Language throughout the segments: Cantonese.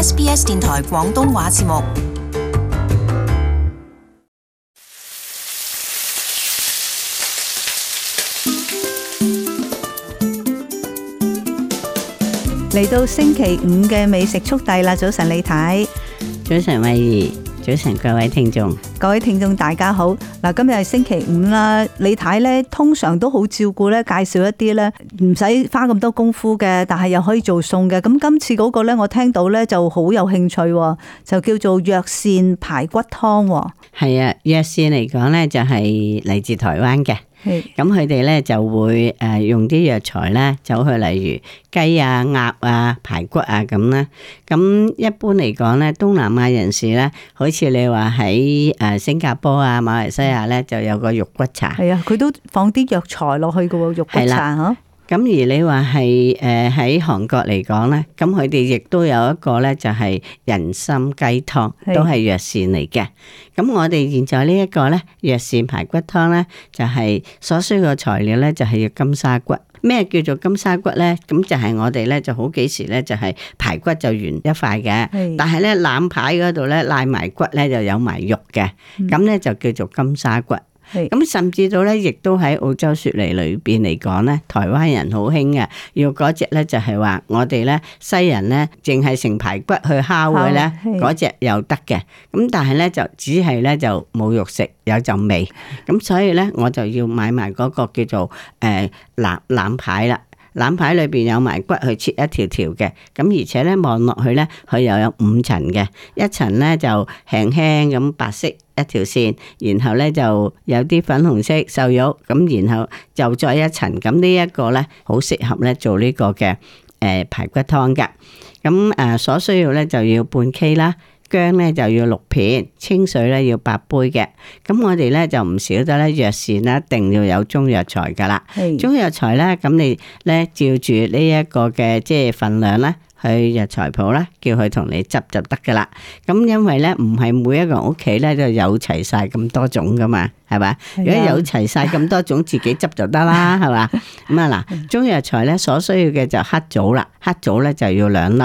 SBS 電台廣東話節目，嚟到星期五嘅美食速遞啦！早晨，李太，早晨，咪。早晨，各位聽眾，各位聽眾，大家好。嗱，今日係星期五啦。李太咧通常都好照顧咧，介紹一啲咧唔使花咁多功夫嘅，但係又可以做餸嘅。咁今次嗰個咧，我聽到咧就好有興趣，就叫做藥膳排骨湯。係啊，藥膳嚟講咧就係嚟自台灣嘅。咁佢哋咧就會誒用啲藥材咧，走去例如雞啊、鴨啊、排骨啊咁啦。咁一般嚟講咧，東南亞人士咧，好似你話喺誒新加坡啊、馬來西亞咧，就有個肉骨茶。係啊，佢都放啲藥材落去嘅肉骨茶嚇。咁而你話係誒喺韓國嚟講咧，咁佢哋亦都有一個咧，就係人參雞湯，都係藥膳嚟嘅。咁我哋現在呢一個咧，藥膳排骨湯咧，就係所需要嘅材料咧，就係要金沙骨。咩叫做金沙骨咧？咁就係我哋咧，就好幾時咧，就係排骨就完一塊嘅，但係咧攬排嗰度咧，瀨埋骨咧就有埋肉嘅，咁咧就叫做金沙骨。咁、嗯、甚至到咧，亦都喺澳洲雪梨裏邊嚟講咧，台灣人好興嘅，要嗰隻咧就係、是、話我哋咧西人咧，淨係成排骨去烤嘅咧，嗰好隻又得嘅。咁、嗯、但係咧就只係咧就冇肉食，有陣味。咁、嗯、所以咧我就要買埋嗰個叫做誒腩腩排啦。呃腩排裏邊有埋骨，去切一條條嘅，咁而且咧望落去咧，佢又有五層嘅，一層咧就輕輕咁白色一條線，然後咧就有啲粉紅色瘦肉，咁然後就再一層，咁、這個、呢一個咧好適合咧做呢個嘅誒排骨湯㗎，咁誒所需要咧就要半 K 啦。薑咧就要六片，清水咧要八杯嘅。咁我哋咧就唔少得咧，藥膳咧一定要有中藥材噶啦。中藥材咧，咁你咧照住呢一個嘅即係份量咧，去藥材鋪咧，叫佢同你執就得噶啦。咁因為咧唔係每一個屋企咧就有齊晒咁多種噶嘛，係嘛？如果有齊晒咁多種，自己執就得啦，係嘛？咁啊嗱，中藥材咧所需要嘅就黑棗啦，黑棗咧就要兩粒，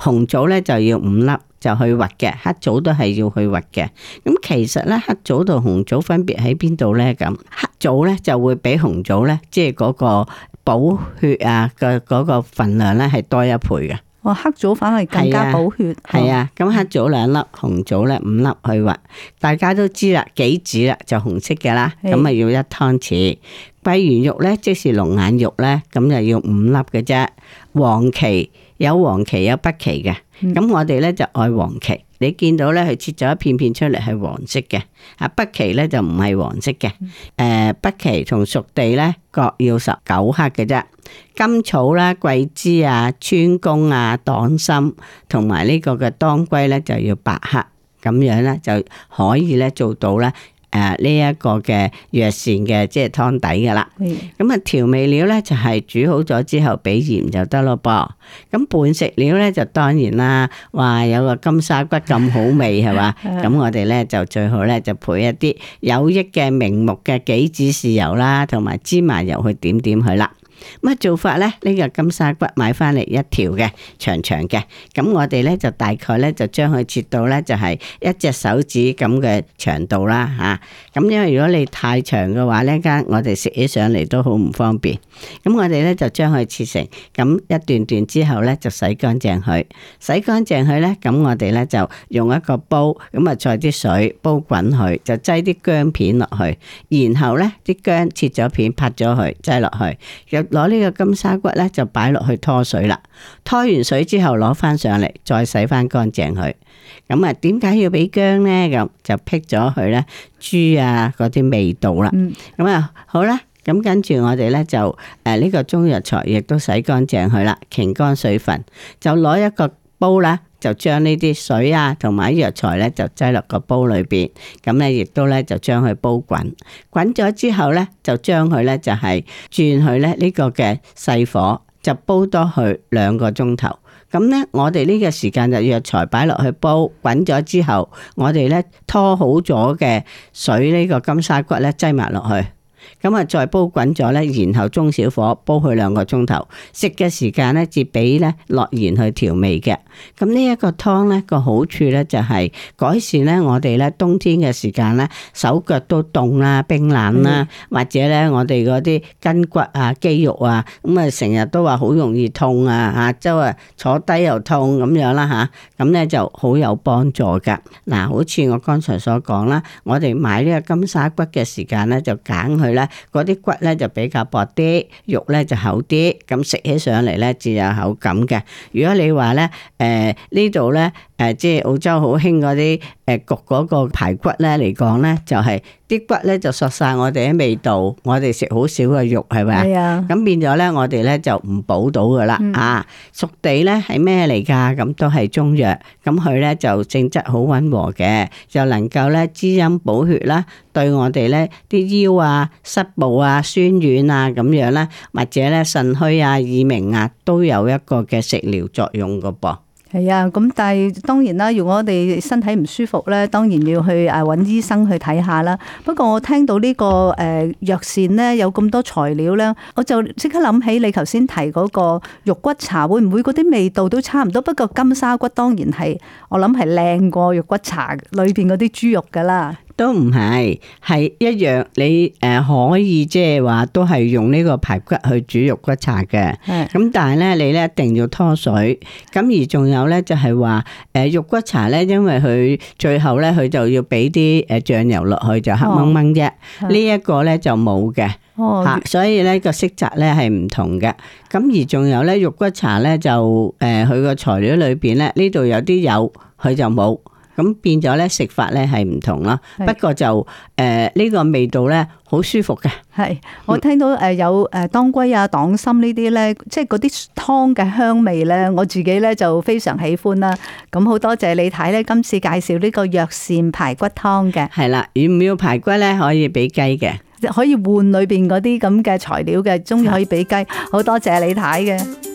紅棗咧就要五粒。就去核嘅，黑棗都係要去核嘅。咁其實咧，黑棗同紅棗分別喺邊度咧？咁黑棗咧就會比紅棗咧，即係嗰個補血啊嘅嗰個份量咧係多一倍嘅。黑棗反而更加補血。係啊，咁、哦啊、黑棗兩粒，紅棗咧五粒去核。大家都知啦，杞子啦就紅色嘅啦，咁啊是要一湯匙。桂圓肉咧即係龍眼肉咧，咁就要五粒嘅啫。黃芪有黃芪有，有北芪嘅，咁我哋咧就愛黃芪。你見到咧佢切咗一片片出嚟係黃色嘅，啊北芪咧就唔係黃色嘅。誒、嗯呃、北芪同熟地咧各要十九克嘅啫。甘草啦、桂枝啊、川芎啊、黨參同埋呢個嘅當歸咧，就要百克咁樣咧就可以咧做到咧誒呢一個嘅藥膳嘅即係湯底噶啦。咁啊調味料咧就係煮好咗之後俾鹽就得咯。噃咁半食料咧就當然啦，哇有個金沙骨咁好味係嘛，咁我哋咧就最好咧就配一啲有益嘅明目嘅杞子、豉油啦，同埋芝麻油去點點佢啦。乜做法呢？呢、呢個金沙骨買翻嚟一條嘅，長長嘅。咁我哋呢，就大概呢，就將佢切到呢，就係一隻手指咁嘅長度啦嚇。咁、啊、因為如果你太長嘅話咧，呢間我哋食起上嚟都好唔方便。咁我哋呢，就將佢切成咁一段段之後呢，就洗乾淨佢，洗乾淨佢呢，咁我哋呢，就用一個煲咁啊，再啲水煲滾佢，就擠啲薑片落去，然後呢啲薑切咗片拍咗佢擠落去，攞呢個金沙骨咧就擺落去拖水啦，拖完水之後攞翻上嚟再洗翻乾淨佢。咁啊，點解要俾薑咧？咁就辟咗佢咧豬啊嗰啲味道啦。咁、嗯嗯、啊好啦，咁跟住我哋咧就誒呢個中藥材亦都洗乾淨佢啦，擎乾水分就攞一個煲啦。就將呢啲水啊同埋藥材咧就擠落個煲裏邊，咁咧亦都咧就將佢煲滾，滾咗之後咧就將佢咧就係、是、轉去咧呢個嘅細火，就煲多佢兩個鐘頭。咁咧我哋呢個時間就藥材擺落去煲滾咗之後，我哋咧拖好咗嘅水呢個金沙骨咧擠埋落去。咁啊，再煲滾咗咧，然後中小火煲佢兩個鐘頭。食嘅時間咧，至俾咧落鹽去調味嘅。咁呢一個湯咧個好處咧就係改善咧我哋咧冬天嘅時間咧手腳都凍啦、冰冷啦，嗯、或者咧我哋嗰啲筋骨啊、肌肉啊，咁啊成日都話好容易痛啊，吓即係坐低又痛咁樣啦吓，咁咧就好有幫助㗎。嗱，好似我剛才所講啦，我哋買呢個金沙骨嘅時間咧，就揀佢咧。嗰啲骨咧就比較薄啲，肉咧就厚啲，咁食起上嚟咧至有口感嘅。如果你話咧，誒、呃、呢度咧。即係澳洲好興嗰啲誒，焗嗰個排骨咧嚟講咧，就係啲骨咧就索晒我哋嘅味道，我，我哋食好少嘅肉，係咪係啊？咁變咗咧，我哋咧就唔補到噶啦啊！熟地咧係咩嚟噶？咁都係中藥，咁佢咧就性質好溫和嘅，就能夠咧滋陰補血啦，對我哋咧啲腰啊、膝部啊、酸軟啊咁樣咧，或者咧腎虛啊、耳鳴啊，都有一個嘅食療作用噶噃。係啊，咁但係當然啦，如果我哋身體唔舒服咧，當然要去啊揾醫生去睇下啦。不過我聽到呢個誒藥膳咧有咁多材料咧，我就即刻諗起你頭先提嗰個肉骨茶，會唔會嗰啲味道都差唔多？不過金沙骨當然係，我諗係靚過肉骨茶裏邊嗰啲豬肉噶啦。都唔係，係一樣你，誒可以即係話都係用呢個排骨去煮肉骨茶嘅，咁的但係咧你咧一定要拖水，咁而仲有咧就係話誒肉骨茶咧，因為佢最後咧佢就要俾啲誒醬油落去就黑掹掹啫，呢一、哦、個咧就冇嘅吓，哦、所以咧個色澤咧係唔同嘅，咁而仲有咧肉骨茶咧就誒佢個材料裏邊咧呢度有啲油，佢就冇。咁變咗咧食法咧係唔同啦，是不過就誒呢、呃這個味道咧好舒服嘅。係我聽到誒有誒當歸啊黨參呢啲咧，即係嗰啲湯嘅香味咧，我自己咧就非常喜歡啦。咁好多謝李太咧今次介紹呢個藥膳排骨湯嘅。係啦，唔要排骨咧可以俾雞嘅，可以換裏邊嗰啲咁嘅材料嘅，中意可以俾雞。好多的謝李太嘅。